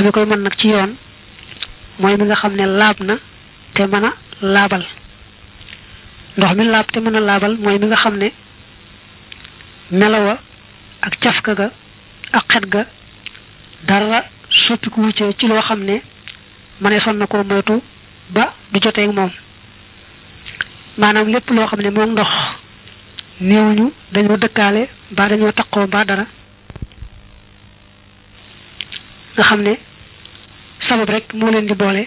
ndox mi koy mën nag ci yoon mooy mi nga xam ne laab na te mën a laabal ndox mi laab te mën a laabal mooy mi nga xam ne melawa ak cafka ga ak xet ga dara soppiku wuccee ci loo xam ne mënee son na koo moytu ba du jotee ak moom maanaam lépp loo xam ne moom ndox néewuñu dañoo dëkkaale mbaa dañoo taqoo ba dara nga xam ne sabab rek moo leen di boole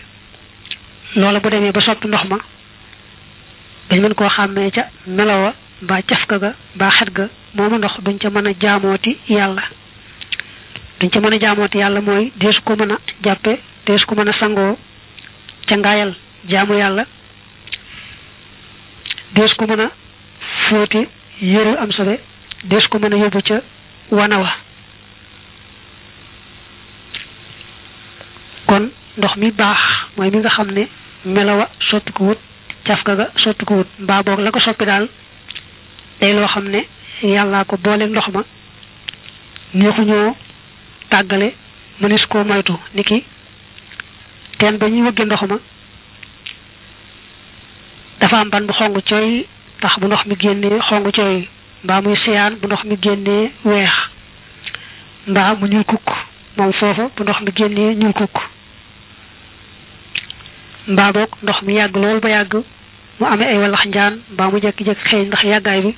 loola bu demee ba sopp ndox ma dañ mën koo xàmmee ca melowa mbaa cafka ga mbaa xet ga mooma ndox duñ ca mën a jaamooti yàlla duñ ca mën a jaamooti yàlla mooy deesu ko mën a jàppe deesu ko mën a sangoo ca ngaayal jaamu yàlla deesu ko mën a fóoti yëru am sobe deesu ko mën a yóbbu ca wana wa kon ndox mi baax mooy mi nga xam ne melawa soppi ko wut cafka ga soppi ko wut mbaa boog la ko soppi daal day loo xam ne yàlla ko boole ndox ma neexuñoo tàggale mënees koo moytu ni ki teen ba ñuy wëgge ndox ma dafa am ban bu xong cooy tax bu ndox mi génnee xong cooy mbaa muy siyaan bu ndox mi génnee weex mbaa mu ñuul kukk moom foofu bu ndox mi génnee ñuul kukk mbaa boog ndox mi yàgg lool ba yàgg mu amee ay wallax njaan mbaa mu jékki-jékki xëy ndax yàggaay bi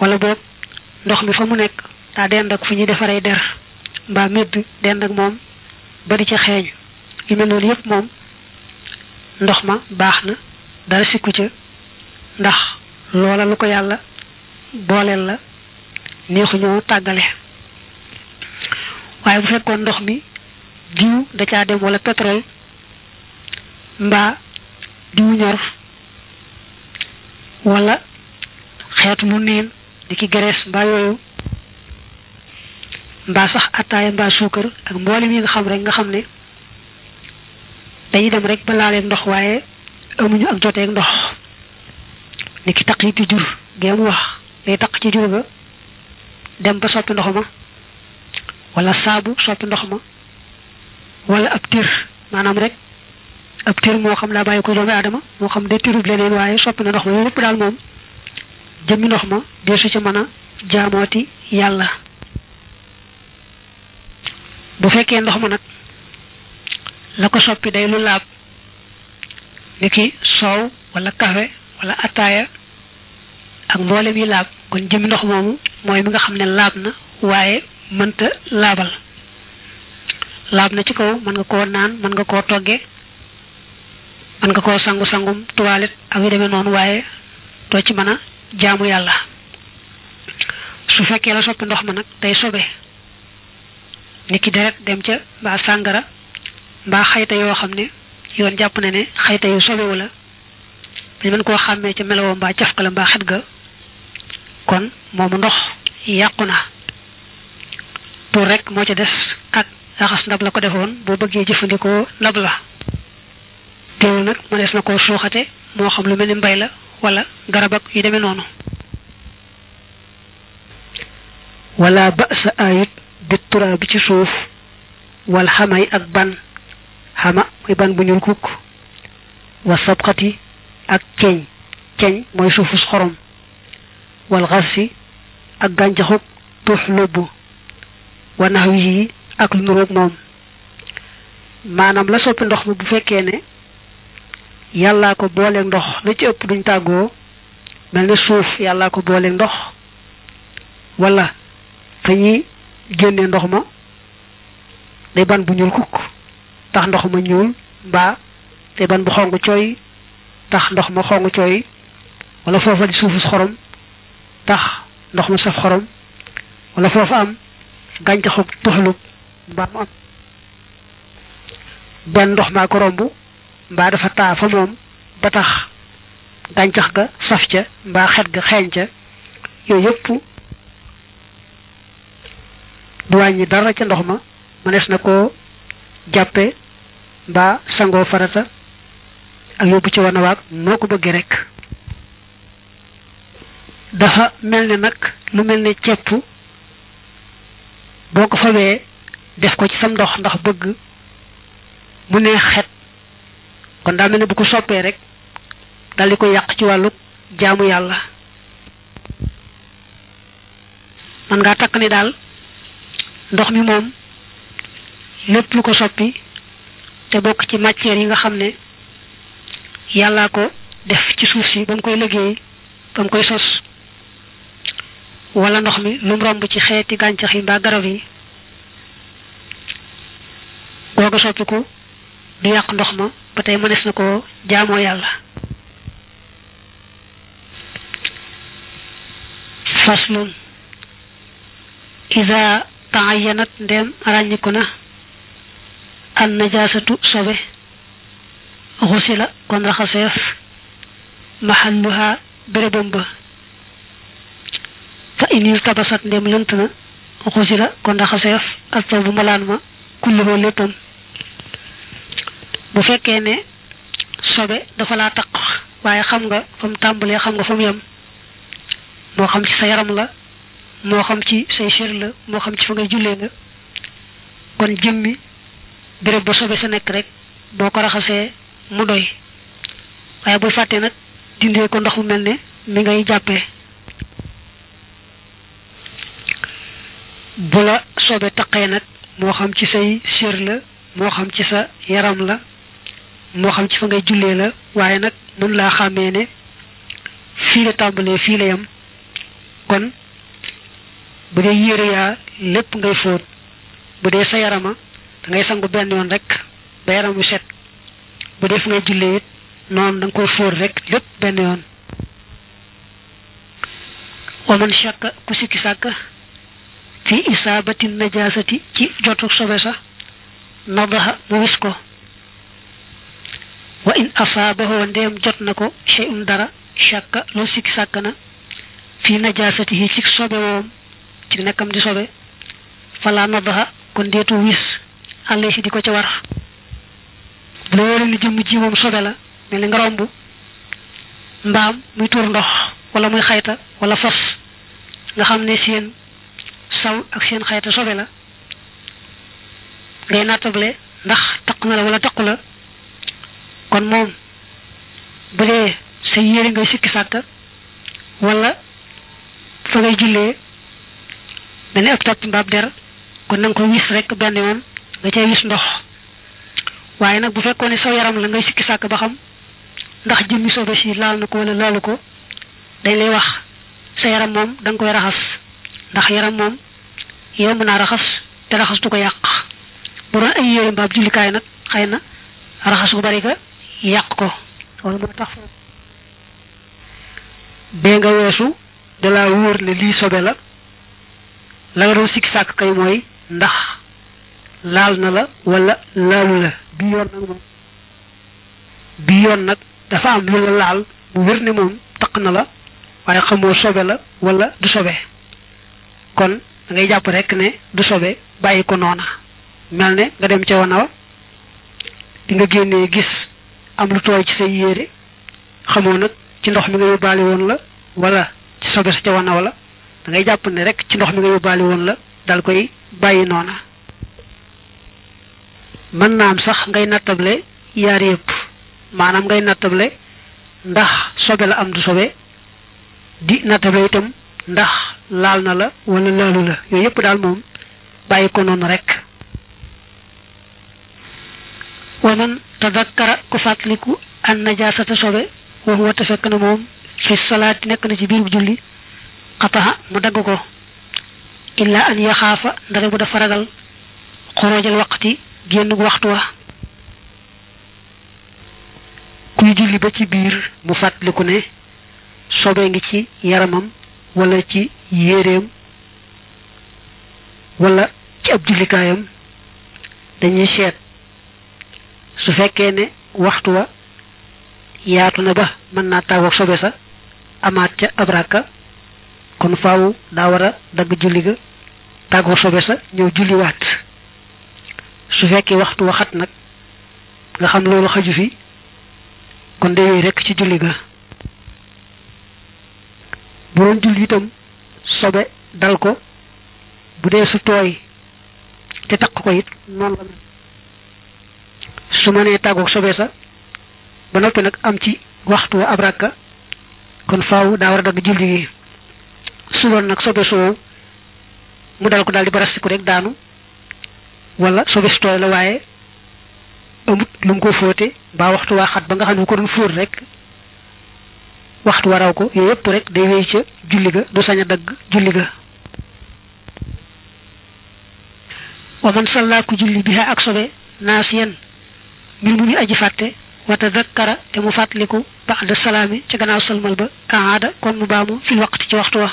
wala boog ndox mi fa mu nekk daa dend ak fu ñuy defaree der mbaa médd dend ak moom bari ca xeeñ yu mel noonu yëpp moom ndox ma baax na dara sikku ca ndax loola lu ko yàlla booleel la neexuñoo tàggale waaye bu fekkoon ndox mi diw da caa dem wala pétrole mbaa diwu ñor wala xeet mu neen ni ki graisse mbaa yooyu mbaa sax attaaya mbaa suukar ak mboole yi nga xam rek nga xam ne dañuy dem rek ba laalee ndox waaye amuñu ak joteeg ndox ni ki taq yi ci jur ngeen wax day taq ci jur ba dem ba soppi ndox ma wala saabu soppi ndox ma wala ab tir maanaam rek ak tir moo xam daa bàyyi ko doomi aadama moo xam day tirub leneen waaye soppi na ndox ma yëpp daal moom jëmmi ndox ma deesu ci mën a jaamooti yàlla bu fekkee ndox ma nag la ko soppi day lu laab ni ki soow walla kafe wala ataaya ak mboolem yi laab kon jëmmi ndox moomu mooy mi nga xam ne laab na waaye mënta laabal laab na ci kaw mën nga koo naan mën nga koo togge mën nga koo sangu sangum toilette ak yu demee noonu waaye doo ci mën a jaamu yàlla su fekkee la soppi ndox ma nag day sobe ni ki deret dem ca mbaa sàngara mbaa xayta yoo xam ne yoon jàpp na ne xayta yu sobewu la dañ mën koo xàmmee ca melawoo mbaa cafka la mbaa xet ga kon moomu ndox yàqu na pour rek moo ci des ak raxas ndab la ko defoon boo bëggee jëfandikoo ndab la teewul nag mënees na koo suuxate moo xam lu mel ni mbay la wala garab ak yu demee noonu walla ba sa ayit bi turaa bi ci suuf wal xamay ak ban xama mooy ban bu ñuul kukk wa sabxati ak ceñ ceñ mooy suufus xorom wal xasi ak gàncaxuk tuux lóbbu wa nax yi ak lu nuroog moom maanaam la soppi ndox mi bu fekkee ne yàllaa ko booleeg ndox la ci ëpp duñ tàggoo mel ne suuf yàllaa ko booleeg ndox walla fa ñuy génne ndox ma day ban bu ñuul kukk tax ndox ma ñuul mbaa day ban bu xong cooy tax ndox ma xong coy wala foofa di suufus xorom tax ndox ma saf xorom wala foofa am gàncaxu tuxlu mbaa mu am benn ndox maa ko romb mbaa dafa taa fa moom ba tax gàncax ga saf ca mbaa xet ga xeeñ ca yooyu yëpp du wàññi dara ca ndox ma mënees na koo jàppe mbaa sangoo farata ak yóbbu ci wanawaag moo ko bëggee rekk dafa mel ne nag lu mel ne cepp boo ko fawee def ko ci sam ndox ndax bëgg mu neex xet kon daal mel ne bu ko soppee rek dal di ko yàq ci wàllu jaamu yàlla man ngaa takk ni daal ndox mi moom lépp lu ko soppi te bokk ci matière yi nga xam ne yàlla ko def ci suuf si ba koy liggéey ba koy sos wala ndox mi lu mu romb ci xeeti gàncax yi mbaa garab yi googa soppiku du yàq ndox ma ba tey mënees na ko jaamoo yàlla faslun isa taayanat ndem ràññiku na an najasatu sobe xusila kon raxaseef mahalluha bérébam ba fa inil tabasat ndem lënt xusila kon raxaseef astaw bu malaan ma kulluhoo léppam bu fekkee ne sobe dafa laa taq waaye xam nga fa tàmbalee xam nga fa mu moo xam ci sa yaram la moo xam ci say sér la moo xam ci fa ngay jullee la kon jëmmi béréb ba sobe sa nekk rek boo ko raxasee mu doy waaye bul fàtte nag dindee ko ndox mu mel ne mi ngay jàppee bu la taqee nag moo xam ci say sér la moo xam ci sa yaram la moo xam ci fa ngay jullee la waaye nag mën laa xàmmee ne fii la tàmbalee fii la yem kon bu dee yére yaa lépp ngay fóot bu dee sa yarama da ngay sangu benn yoon rek ba yaram bu set bu dee fa ngay jullee it noonu da nga koy fóot rek lépp benn yoon waman shàkk ku sikki sàkk fi isaabati najaasati ci jotu sobe sa nadaxa mu wis ko wa in afaabahu ndéem jot na ko shay'un dara shakka lu sikki sàkk na fii najaasatihi ci sobe woom ci nekkam di sobe fala nadha kon deetu wis àllay si di ko ca war bu la wóoree ni jëmm ji moom sobe la mel ni nga romb mbaam muy tuur ndox wala muy xayta wala fas nga xam ne seen saw ak seen xayta sobe la ngay nattable ndax taq na la wala taqu la kon moom bu dee sa yére ngay sikki sàkka wala fa ngay jullee mel ni ab topp mbaab der kon na nga ko wis rek benn yoon nga cay wis ndox waaye nag bu fekkoon ne sa yaram la ngay sikki sàkk ba xam ndax jëmmi sobe si laal na ko wala laalu ko dañ lay wax sa yaram moom da koy raxas ndax yaram moom yomb naa raxas te raxas du ko yàq bu doon ay yére mbaab jullikaay nag xëy na raxas bu bari ga yàq ko loolu moo tax bee nga weesu dalaa wóor ne lii sobe la la nga doon sikki sàkk kay mooy ndax laal na la walla laalu la bi yoon nag moom bi yoon nag dafa am lu la laal mu wér ne moom taq na la waaye xamoo sobe la walla du sobe kon dangay jàpp rekk ne du sobe bàyyi ko noona mel ne nga dem ca wana wa di génnee gis am lu tooy ci say yére xamoo nag ci ndox mi nga yóbbaale woon la wala ci sobe sa ca wanaaw la dangay jàpp ne rek ci ndox mi nga yóbbaale woon la dal koy bàyyi noona mën naa am sax ngay nattable yaar yëpp maanaam ngay nattable ndax sobe la am du sobe di nattable itam ndax laal na la wala laalu la yooyu yëpp daal moom bàyyi ko noonu rek tadakkara ku fàttaliku an najasata sobe wax wata fekk na moom fi salaati nekk na ci biir bu julli xataxa mu dagg ko illa an yaxaafa ndare bu dafa ragal xorojal waqti génn waxtu wa kuy julli ba ci biir mu fàttaliku ne sobe ngi ci yaramam walla ci yéreem wala ci ab jullikaayam dañuy seet su fekkee ne waxtu wa yaatu na ba mën naa tàggoog sobe sa amaat ca ab ràkka kon faaw daa war dagg julli ga tàggoog sobe sa ñëw julliwaat su fekkee waxtu wa xat nag nga xam loolu xaju fi kon day rekk ci julli ga bu doon julli itam sobe dal ko bu dee su te takk ko it noonu la su mënee tàggoog sobe sa ba noppi nag am ci waxtu wa ab rakka kon faaw daa war a dagg julli gi su doon nag sobe soow mu dal ko daal di barastiku rek daanu walla sobe su la waaye amut lu mu ko fóote ba waxtu waa xat ba nga xam ne bu ko doon fóot rek waxtu waraw ko yooyu yëpp rek day wéy ca julli ga du sañ dagg julli ga wa man sallaa ku julli biha ak sobe naasiyan mbir mu ñu aji fàtte wata zakkara te mu fàttaliku ba'da salaami ci gannaaw salmal ba kaada kon mu baamu fil waqti ci waxtu wa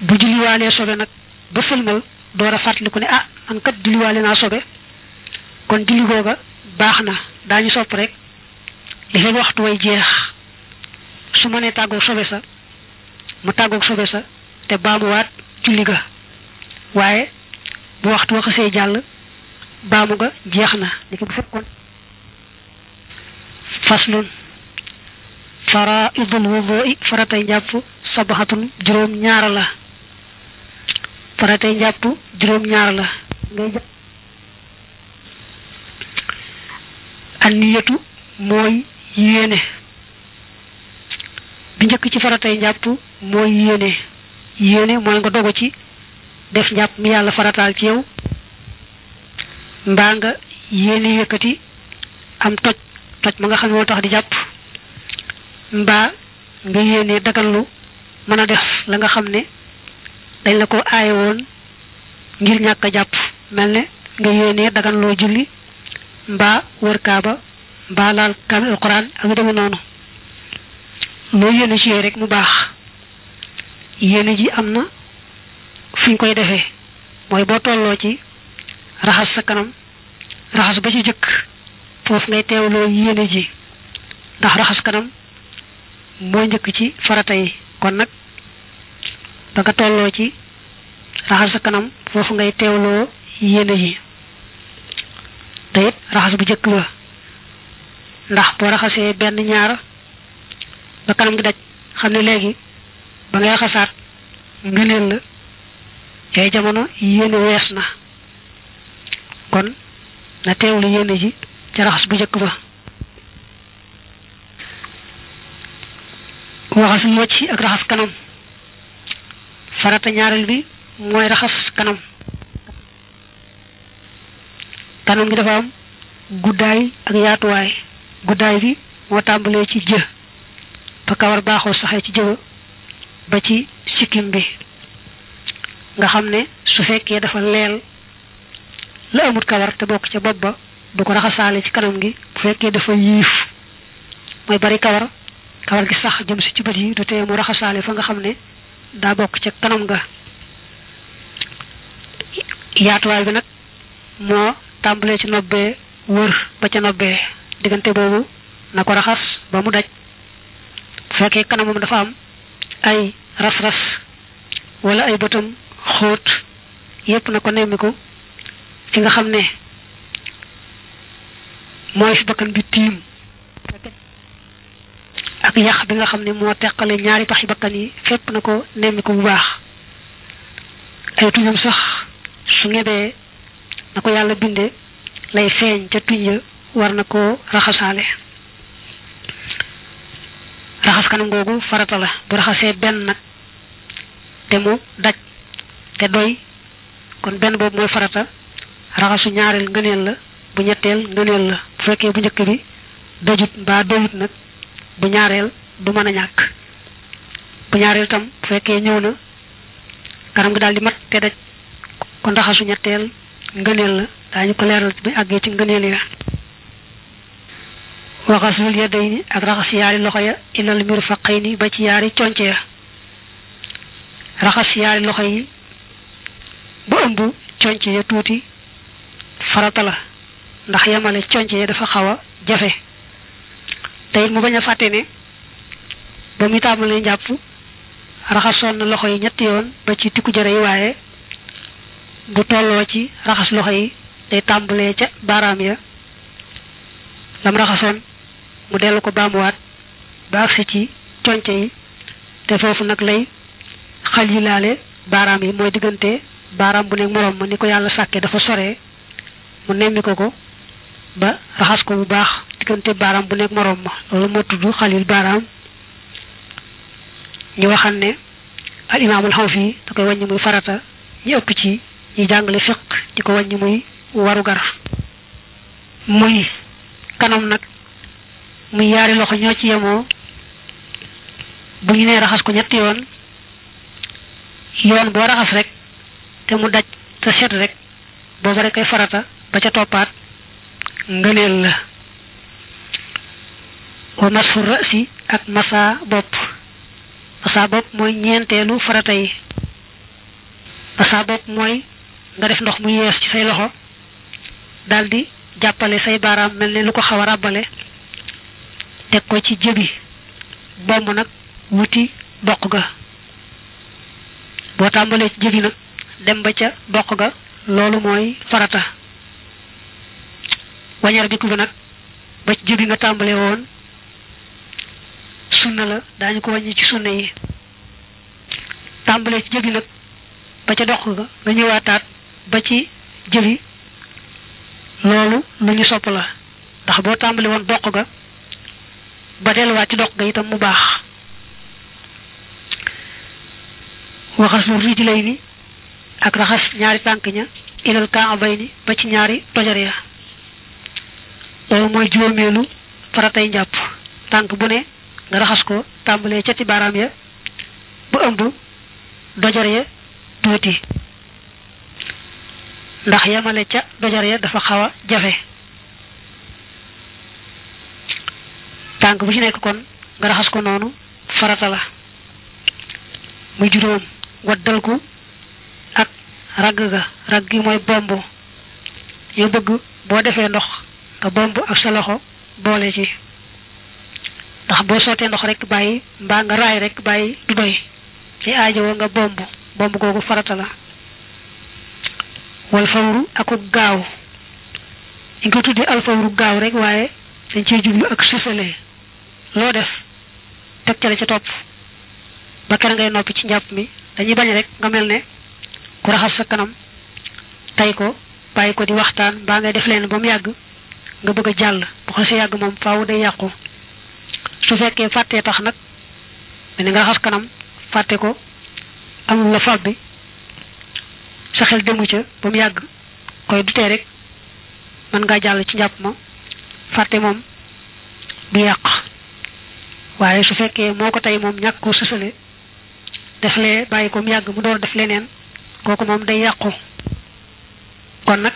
bu julliwaalee sobe nag ba sëlmal door a fàttaliku ne ah man kat julliwaale naa sobe kon julli googa baax na daañu sopp rek li fekk waxtu way jeex su ma nee tàggoog sobe sa mu tàggoog sobe sa te baamuwaat julli ga waaye bu waxtu wa xasee jàll baamu nga jeex na li ko bu fekkoon faslun faraidul faratay njàpp sabaxatun juróom ñaar la faratay njàpp jàpp anniyatu mooy yéene bi njëkk ci faratay njàpp mooy yéene yéene mooy nga dogu ci def njàpp mi yàlla farataal ci yow mbaa nga yéene yëkkati am toj toj ma nga xam ne moo tax di jàpp mbaa nga yéene dagallu mën a def la nga xam ne dañ la ko aaye woon ngir ñàkk jàpp mel ne nga yéene daganloo julli mbaa wër kaaba mbaa laal kaamil alquran ak lu deme noonu loo yéene ci yooyu rek mu baax yéene ji am na fi ñu koy defee mooy boo tolloo ci raxas sa kanam raxas ba ci jëkk foofu ngay teewloo yéene ji ndax raxas kanam moo njëkk ci farata yi kon nag ba nga tolloo ci raxas sa kanam foofu ngay teewloo yéene ji te it raxas bu jëkk ba ndax boo raxasee benn ñaar ba kanam gi daj xam ne léegi ba ngay raxasaat ngëneel la yooyu jamono yéene wees na kon na teewlu yéene ji ca raxas bu njëkk ba raxas mocc ak raxas kanam farata ñaareel bi mooy raxas kanam kanam bi dafa am guddaay ak yaatuwaay guddaay bi moo tàmbalee ci jë ba kawar baaxoo saxee ci jëba ba ci sikkim bi nga xam ne su fekkee dafa leel la amut kawar te bokk ca bopp ba du ko raxasaale ci kanam gi bu fekkee dafa yiif mooy bari kawar kawar gi sax jëm si ci bët yi du tee mu raxasaale fa nga xam ne daa bokk ca kanam ga yaatuwaay bi nag moo tàmbalee ci nobbee wër ba ca nobbee diggante boobu na ko raxas ba mu daj bu fekkee kanamam dafa am ay ras-ras wala ay bëtam xóot yépp na ko nemmiku ki nga xam ne mooy fi bakkan bi tiim ak yàq bi nga xam ne moo teqale ñaari paxi bakkan yi fépp na ko nemmi ko bu baax ay tuñam sax su ngebee na ko yàlla binde lay feeñ ca tuñ ya war na koo raxasaale raxas kanam googu farata la bu raxasee benn nag te mu daj te doy kon benn boobu mooy farata raxasu ñaareel ngëneel la bu ñetteel ngëneel la bu fekkee bu njëkk bi dajut mbaa doyut nag bu ñaareel du mën a ñàkk bu ñaareel tam bu fekkee ñëw na kanam gi daal di mat te daj kon raxasu ñetteel ngëneel la daañu ko leeral bi àggee ci ngëneel ya waxasul yadayni ak raxas yaari loxo ya ilal mirfaqayni ba ci yaari conc ya raxas yaari loxo yi ba ëmb conc ya tuuti farata la ndax yemale conc yi dafa xaw a jafe tey mu bañ a fàtte ne ba muy tàmbalee njàpp raxasoon na loxo yi ñetti yoon ba ci tikku jëre yi waaye bu tolloo ci raxas loxo yi day tàmbalee ca baaraam ya lam raxasoon mu dellu ko baamuwaat ba agsi ci conc yi te foofu nag lay xal yi laale baaraam yi mooy diggante baaraam bu nekk moroom ma ni ko yàlla sàkke dafa sore mu nemmi ko ko ba raxas ko bu baax diggante baaraam bu nekk moroom ma loolu moo tudd xalil baaraam ñu waxan ne al imaamul xawfi yi da koy wàññi muy farata ñu ëpp ci ñuy jàngale fiq di ko wàññi muy warugar muy kanam nag muy yaari loxo ñoo ci yamoo bu ñu nee raxas ko ñetti yoon yoon boo raxas rek te mu daj te set rek booba rek koy farata ba ca toppaat ngëneel la wa masfu rasi ak masa bopp masa bopp mooy ñeenteelu farata yi masa bopp mooy nga def ndox mu yees ci say loxo daldi jàppale say baaraam mel ne lu ko xaw a ràbbale teg ko ci jëbi bomb nag wuti bokk ga boo tàmbalee ci jëbi nag dem ba ca bokk ga loolu mooy farata wañeer bi ku nag ba ci jëbi nga tàmbale woon sunna la daañu ko wàññi ci sunna yi tàmbalee ci jëbi nag ba ca doq nga nga ñëwaataat ba ci jëbi loolu lu ñu sopp la ndax boo tàmbali woon doq ga ba delluwaat ci doq ga itam mu baax waxasul rijlay ni ak raxas ñaari tànk ña ilal kaabay ni ba ci ñaari tojor ya boobu mooy juróomeelu faratay njàpp tànk bu ne nga raxas ko tàmbalee cati baaraam ya ba ëmb dojar ya tuuti ndax yemale ca dojar ya dafa xaw a jafe tànk bu ci nekk kon nga raxas ko noonu farata la mu juróom waddal ko ak ragg ga ragg gi mooy bomb yoo bëgg boo defee ndox nga bomb ak sa loxo boole ci ndax boo sottee ndox rek bàyyi mbaa nga raay rek bàyyi du doy ci aajowoo nga bomb bomb googu farata la wal fawru aku gaaw ñu ko tuddee al fawru gaaw rekk waaye dañ cee jublu ak suufalee loo def teg ca la ca topp ba kere ngay noppi ci njàpp mi dañuy bañ rek nga mel ne ku raxas sa kanam tey ko bàyyi ko di waxtaan mbaa ngay def leen ba mu yàgg nga bëgg a jàll bu xasee yàgg moom faaw day yàqu su fekkee fàttee tax nag mel ni nga raxas kanam fàtte ko amul la fab bi sa xel demu ca ba mu yàgg koy dutee rek mën ngaa jàll ci njàpp ma fàtte moom du yàq waaye su fekkee moo ko tey moom ñàkk ko sësale def lee bàyyi ko mu yàgg mu door def leneen kooku moom day yàqu kon nag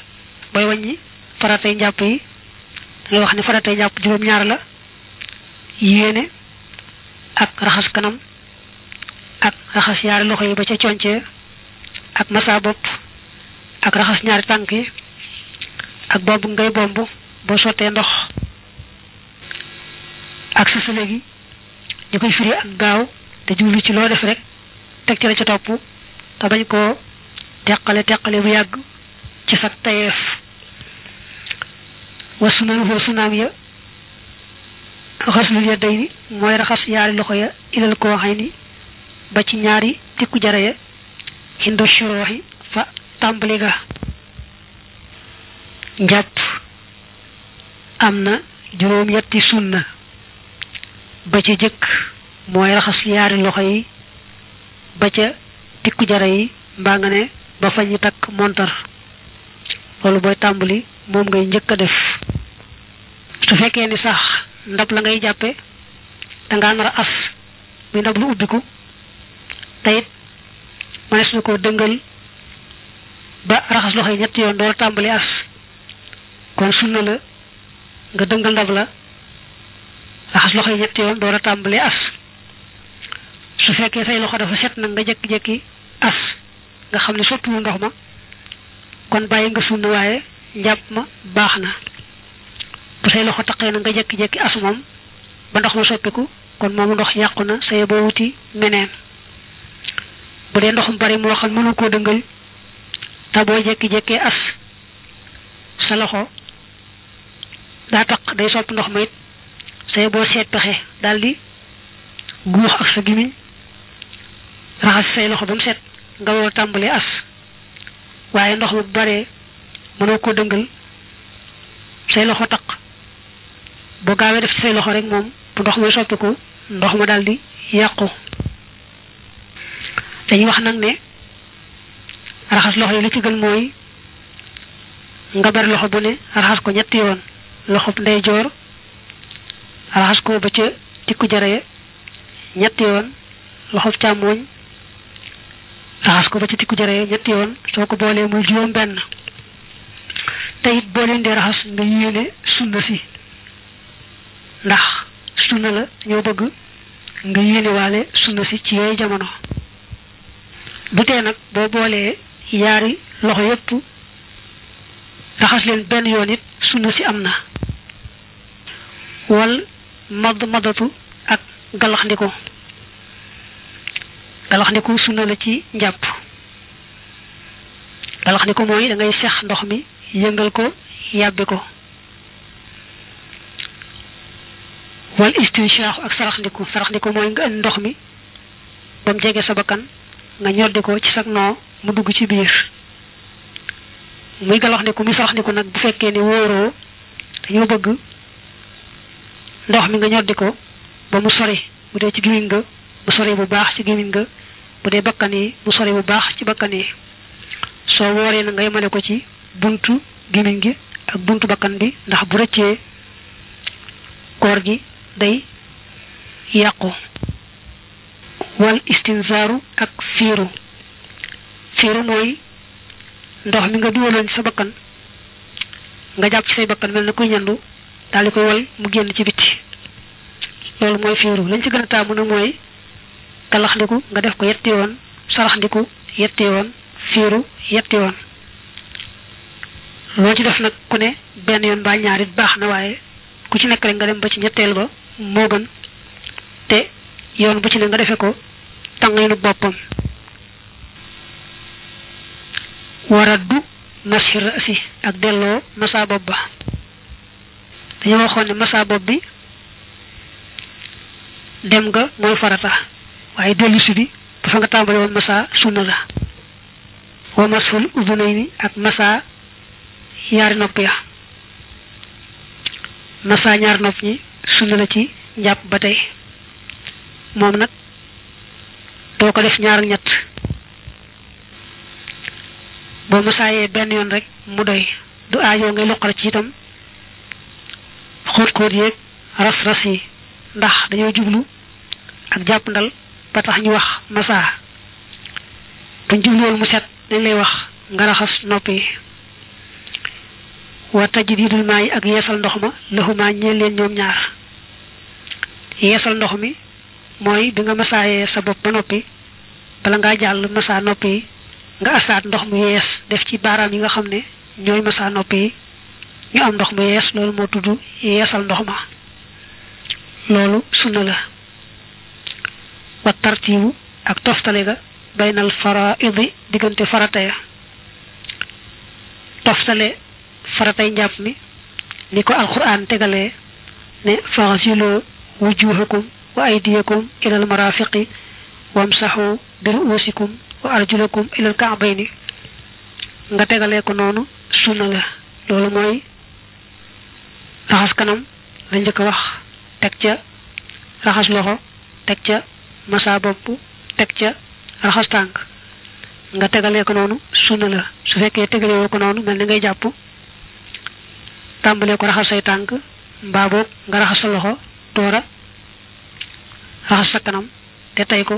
booy wàññi faratay njàpp yi dana wax ne faratay jàpp juróom-ñaar la yéene ak raxas kanam ak raxas ñaari loxo yi ba ca coñcee ak masa bopp ak raxas ñaari tànk yi ak bomb ngay bomb boo sotee ndox ak sësale gi ñu koy firi ak gaaw te jublu ci loo def rek teg ci la ca topp te bañ koo teqale teqale bu yàgg ci sa tayeef wa sunaanuhu sunaam ya xaslul yadayni mooy raxas ñaari loxo ya ilal koo xay ni ba ci ñaari tikku jara ya hindu shurooxi fa tàmbali ga njàpp am na juróom ñetti sunna ba ci jëkk mooy raxas ñaari loxo yi ba ca tikku jara yi mbaa nga ne ba fa ñu takk montar loolu booy tàmbali moom ngay njëkk def su fekkee ni sax ndab la ngay jàppe dangaa nar a as muy ndab lu ubbiku te it mënees na koo dëngal ba raxas loxo yi ñetti yoon door a tàmbali as kon sunna nga dëngal ndab la raxas yi ñetti yoon a tàmbali as su fekkee say loxo dafa set nag nga jékki-jékki as nga xam ne sottiwul ndox ma kon bàyyi nga sunna waaye njàpp ma baax na bu say loxo taqee na nga jékki-jékki as moom ba ndox ma soppiku kon moomu ndox yàqu na saye boo wuti meneen bu dee ndox mu bari moo xam koo dëngal te boo jékki-jékkee as sa loxo daa taq day sopp ndox ma it boo seet pexe daal di guux ak sa gimiñ raxas say loxo ba set nga war a waaye ndox mu baree koo dëngal boo gaawee def ci say loxo rek moom bu ndox mooy ko ndox ma daal di yàqu dañuy wax nag ne raxas loxo yi la ci gën mooy nga bar loxo bu ne raxas ko ñetti yoon loxo ndeyjoor raxas ko ba ca tikku jare ñetti yoon loxo càmmooñ raxas ko ba ca tikku jare ñetti yoon soo ko boolee muy juróom benn te it boo leen di raxas nga yéene sunna si ndax sunna la ñoo bëgg nga yéenewaale sunna si ci yooyu jamono bu tee nag boo boolee yaari loxo yépp raxas benn yoon it sunna si am na wal madd maddatu ak galaxndiku galaxndiku sunna la ci njàpp galaxndiku mooy da ngay sex ndox mi yëngal ko yàbbi ko wal istinshaaxu ak saraxndiku saraxndiku mooy nga indi ndox mi ba mu jege sa bakkan nga ñoddi ko ci sag noo mu dugg ci biir muy galaxndiku muy saraxndiku nag bu fekkee ni wóoroo dañoo bëgg ndox mi nga ñoddi ko ba mu sori bu dee ci gémmiñ nga mu sori bu baax ci gémmiñ nga bu dee bakkan yi mu sori bu baax ci bakkan yi soo wooree na nga yemale ko ci buntu gémmiñ gi ak buntu bakkan bi ndax bu rëccee koor gi day yàqu wal istinzaaru ak fiiru fiiru mooy ndox mi nga duwaloon sa bakkan nga jàpp ci say bakkan mel na kuy ñandu daal di koy wal mu génn ci bitti loolu mooy fiiru lañ ci gën a taamu nag mooy galaxndiku nga def ko yetti yoon saraxndiku yetti yoon fiiru yetti yoon loo ci def nag ku ne benn yoon ba ñaarit baax na waaye ku ci nekk rek nga dem ba ci ñetteel ba moo gën te yoon bu ci ne nga defe ko tàngaylu boppam waraddu nasir si ak delloo masa bopp ba dañoo waxoon ne masa bopp bi dem nga mooy farata waaye dellu si bi ba fa nga tàmbale woon masa sunna la wa masul udunayni ak masa yaari nopp ya nasa ñaar nopp ñi sunna la ci njàpp ba tey moom nag doo ko def ñaar ñett boo masaayee benn yoon rekk mu doy du aajoo ngay loqal ci itam xóot xóot yeeg ras ras yi ndax dañoo jublu ak jàpp ndal ba tax ñu wax masaa buñ jubluwul mu set dañ lay wax nga raxas nopp yi waa wa tajdidul maa yi ak yeesal ndox ma laxumaa ñeel leen ñoom ñaar yeesal ndox mi mooy bi nga masaayee sa bopp ba noppi bala ngaa jàll masaa nopp yi nga asaat ndox mu yees def ci baaraam yi nga xam ne ñooy masaa noppi yi ñu am ndox mu yees loolu moo tudd yeesal ndox ma loolu sunna la wa tartiibu ak toftale ga baynal faraidi diggante farata ya faratay njàpp mi ni ko alquran tegalee ne faxsiloo wujuhakum wa aydiyakum ilal marafiqi wamsaxu bi ruusikum wa arjulakum ilal kaabayni nga tegalee ko noonu sunna la loolu mooy raxas kanam la njëkk wax teg ca raxas loxo teg ca masa bopp teg ca raxas tànk nga tegalee ko noonu sunna la su fekkee tegalee woo ko noonu mel ni ngay jàpp tàmbalee ko raxas say tànk mbaa boog nga raxas sa loxo doora raxas sa kanam te tey ko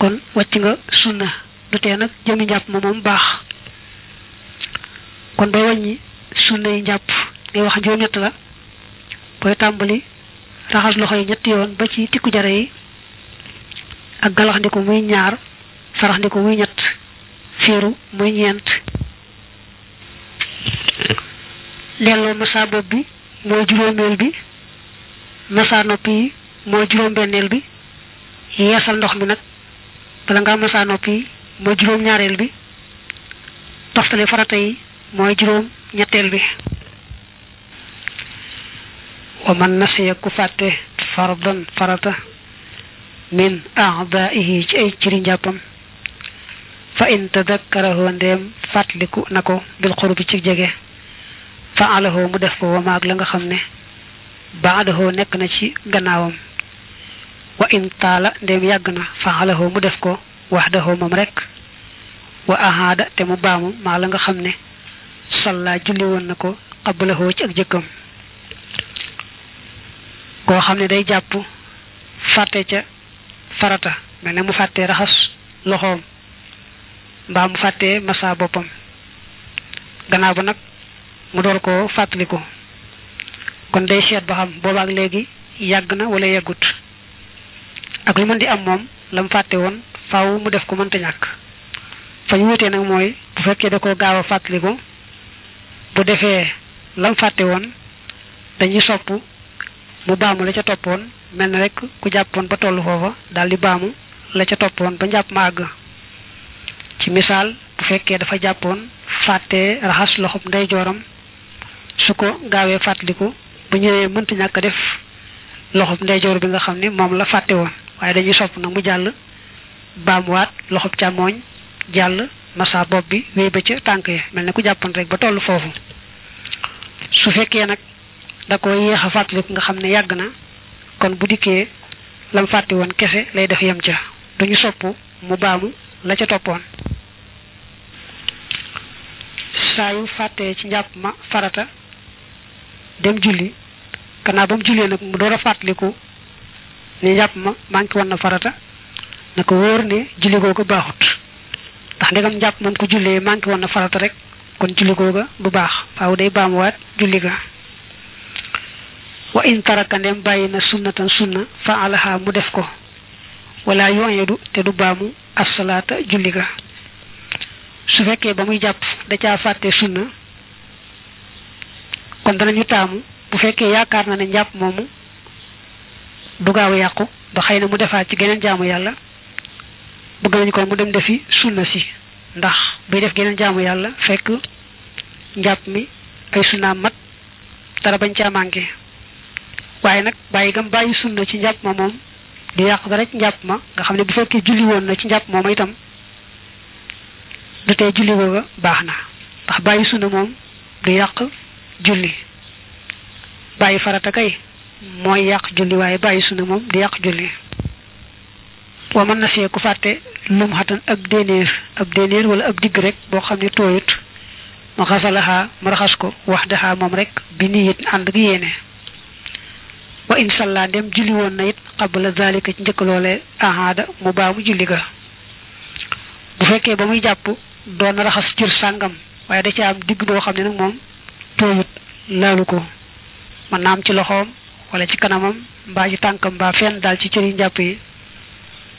kon wàcc nga na du tee nag jëmi njàpp ma moom baax kon booy wàññi sunna yi njàpp ngay wax juróom ñett la booy tàmbali raxas loxo yi ñetti yoon ba ci tikku jare yi ak galax muy ñaar farax muy ñett fiiru muy ñeent leelal massa bopp bi mooy juróomeel bi massa nopp yi mooy juróom-benneel bi yeesal ndox mi nag bala ngaa massa nopp yi mooy juróom-ñaareel bi toftale farata yi mooy juróom-ñetteel bi. wa man nasiya ku fàtte fardan farata min aadaihi ci ay ciri njàppam fa in tadakkarahu ndeem fàttaliku na ko bil xurbi ci jege faalahu mu def ko wa maag la nga xam ne baadahu nekk na ci gannaawam wa in taala ndem yàgg na faalahu mu def ko wax waxdahu moom rek wa ahaada te mu baamu maa la nga xam ne salla julli woon na ko qablahu ci ak jëkkam koo xam ne day jàpp fàtte ca farata mel ne mu fàttee raxas loxoom mbaa mu fàttee masaa boppam gannaaw ba nag mu door koo fàttaliku kon day seet ba xam boobaak léegi yàgg na wala yàggut ak lu man di am moom la mu fàtte woon faw mu def ko mënta ñàkk fa ñu wutee nag mooy bu fekkee da ko gaaw a fàttaliku bu defee lam fàtte woon dañuy sopp mu baamu la ca toppoon mel na rek ku jàppoon ba tollu foofa daal di baamu la ca toppoon ba jàpp ma ci misaal bu fekkee dafa jàppoon fàtte raxas loxob ndeyjooram su ko gaawee fàttaliku bu ñëwee mënta ñàkk def loxob ndeyjoor bi nga xam ne moom la fàtte woon waaye dañuy sopp na mu jàll baamuwaat loxob càmmooñ jàll massa bopp bi wéy ba ca tànk ya mel ne ku jàppoon rek ba toll foofu su fekkee nag da ko yéex a fàttaliku nga xam ne yàgg na kon bu dikkee lam fàtte woon kese lay def yem ca dañu sopp mu baamu la ca toppoon saa yu fàttee ci njàpp ma farata dem julli gannaaw ba mu jullee nag mu door a fàttaliku ne njàpp ma manqué woon na farata na ko wóor ne julli googa baaxut ndax jàpp njàpp moom ko jullee manqué woon na farata rek kon julli googa bu baax faaw day baamuwaat julli ga wa in taraka ndem bàyyi na sunnatan sunna fa alaha mu def ko wala yooyedu te du baamu asalaata julli ga su fekkee ba muy jàpp da caa fàtte sunna kon danañu taamu bu fekkee yaakaar na ne jàpp moomu du gaaw yàqu ba xëy na mu defaat ci geneen jaamu yàlla bëgg nañu kon mu dem defi sunna si ndax buy def geneen jaamu yàlla fekk jàpp mi ay sunnaam mat dara bañ caa manqué waaye nag bàyyi gam bàyyi sunna ci njàpp ma moom di yàq dara ci njàpp ma nga xam ne bu fekkee julli na ci njàpp moom itam du tey julli ba baax na ndax bàyyi sunna moom du yàq julli bàyyi farata kay mooy yàq julli waaye bàyyi sunna moom di yàq julli waa mën na fee ku fàtte lum xatan ab déenéer ab déenéer wala ab digg rek boo xam ne tooyut ma xasalaxaa ma raxas ko wax daxaa moom rek bi nii it ànd ak yéene wa inshallah dem julli woon na it qabla zalika ci njëkk loole ahaada mu baamu julli ga bu fekkee ba muy jàpp doon raxas cër sàngam waaye da ca am digg boo xam ne nag moom tooyut laalu ko mën naa am ci loxoom wala ci kanamam mbaa ci tànkam mbaa fenn daal ci cëri njàpp yi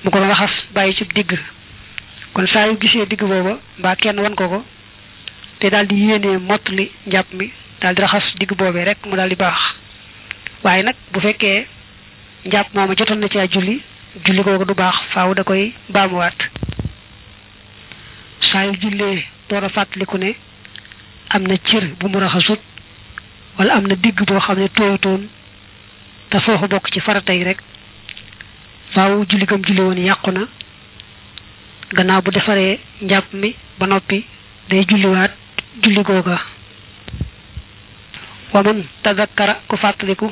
mu ko raxas bàyyi ci digg kon saa yu gisee digg booba mbaa kenn wan ko ko te dal di yéenee mott li njàpp mi daal di raxas digg boobee rekk mu daal di baax waaye nag bu fekkee njàpp mooma jotoon na ci julli julli googu du baax faaw da koy baamuwaat saa yu jullee door a fàttaliku ne am na cir bu mu raxasut wala am na digg boo xam ne tooyutoon te foofu bokk ci farata rek faaw julli gam julli woon yàqu na gannaaw bu defaree njàpp mi ba noppi day julliwaat julli googa wa man tadakkara ku fàttaliku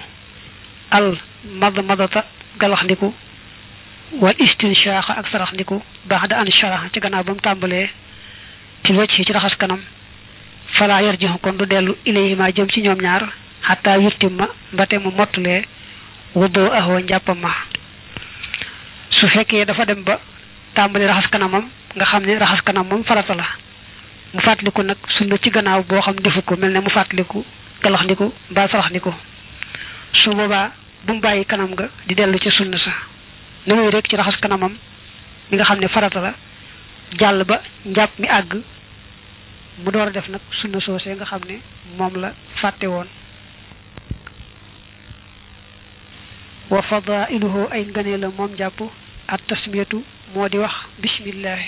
al mad madata galaxndiku wal istinshaaxa ak saraxndiku baax da an sharax ci gannaaw ba mu tàmbalee ci wecc ci raxas kanam fala yarjihu kon du dellu ilayhi ma jëm ci ñoom ñaar xataa yuttimma mbate mu mottulee wuddoo ahoo njàppam ma su fekkee dafa dem ba tàmbali raxas kanamam nga xam ne raxas kanam moom farata la mu fàttaliku nag sunna ci gannaaw boo xam defu ko mel ne mu fàttaliku galax ndiku mbaa sarax su boobaa bu mu bàyyi kanam nga di dellu ci sunna sa ni muy rek ci raxas kanamam mi nga xam ne farata la jàll ba njàpp mi àgg mu door a def nag sunna soosee nga xam ne moom la fàtte woon wa fadailuhu ay ngënee la moom jàpp at tasmiyatu moo di wax bismillahi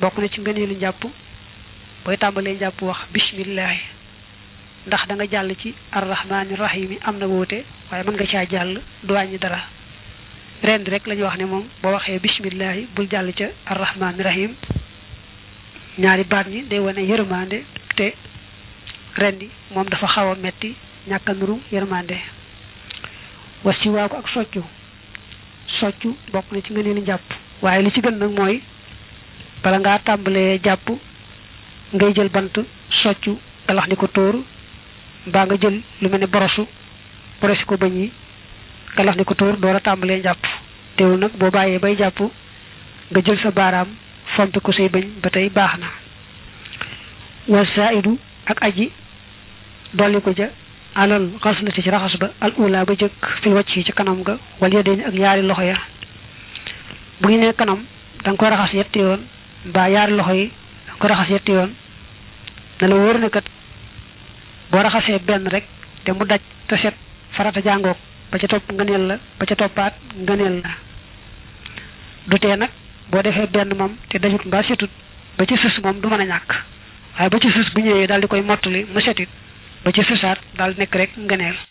bokk na ci ngëneelu njàpp booy tàmbalee njàpp wax bismillahi ndax danga jàll ci arrahmaani rahim yi am na wóote waaye mën nga caa jàll du wàññi dara rend rek la ñu wax ne moom boo waxee bismillahi bul jàll ca arrahmaani rahim ñaari baat ni day wane yërmande te ren di moom dafa xaw a metti ñàkk a nuru yërmande wa ak soccu soccu bokk na ci nga neeli waaye li ci gën nag mooy bala ngaa tàmbalee jàpp ngay jël bant soccu galax ni ko tóor ba nga jël lu mel ne borosu borosi ko bëñ yi galax ni ko tóor door a tàmbalee njàpp teewul nag boo bàyyee bay jàpp nga jël sa baaraam fodd ko say bañ ba tey baax na wa saidu ak aji dolli ko ja alal xaslati ci raxas ba al ula ba jëkk fil wàcc ci kanam ga wal yadeen ak yaari loxo ya bu ñu nee kanam danga nga koy raxas yetti yoon mbaa yaari loxo yi da koy raxas yetti yoon na la wóor ne kat boo raxasee benn rek te mu daj te set farata jàngoog ba ca topp ngëneel la ba ca toppaat ngëneel la du nag boo defee benn moom te dajut mbaa setut ba ci sës moom du mën a ñàkk waaye ba ci sës bu ñëwee daal di koy mottali mu setit ba ci sësaat daal nekk rek ngëneel